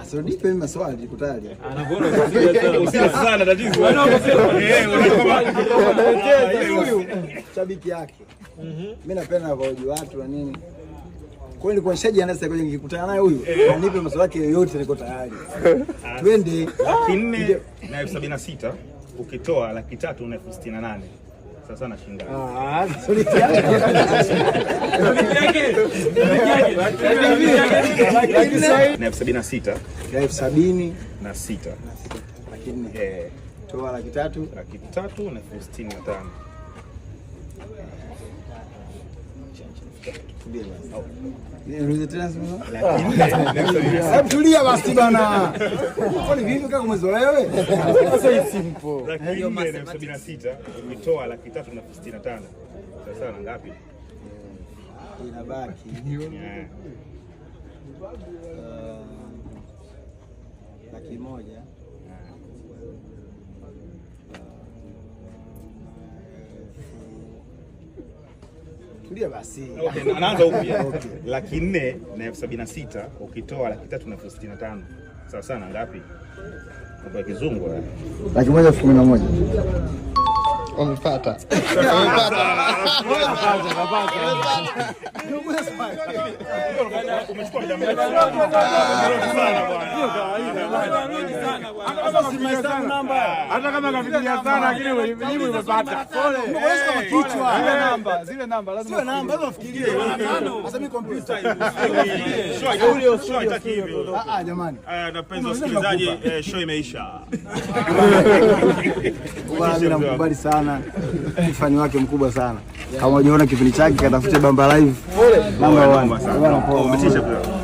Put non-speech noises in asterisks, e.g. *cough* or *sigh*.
Asinipe maswali kutali. *laughs* Eh, shabiki yake mimi mm-hmm. napenda navoji watu na nini kwa nilikuwa nishajiandaa sasa, kwaje nikikutana naye huyu eh. anipe maswali yake yoyote, niko tayari. Twende laki nne na elfu sabini sita ukitoa laki tatu na elfu sitini na nane sasa nashindana. Ah, *laughs* yaani, yaani, yaani, elfu sabini na sita elfu sabini na sita eh. toa laki tatu laki na elfu sitini na tano Oh. *laughs* Tulia basi bana, sabini na sita ukitoa laki tatu na sitini na tano sasa na ngapi eh, inabaki? Eh, laki moja Tulia basi. Okay, naanza upya. Laki nne na elfu sabini na sita ukitoa laki tatu na elfu sitini na tano sawa sana ngapi? Kwa kizungu eh. laki moja elfu kumi na moja wamepata kama sana, lakini wasikilizaji, show imeisha. sana bwana, fani wake mkubwa sana. Kama unajiona kipindi chake, katafute Bamba Live namba 1.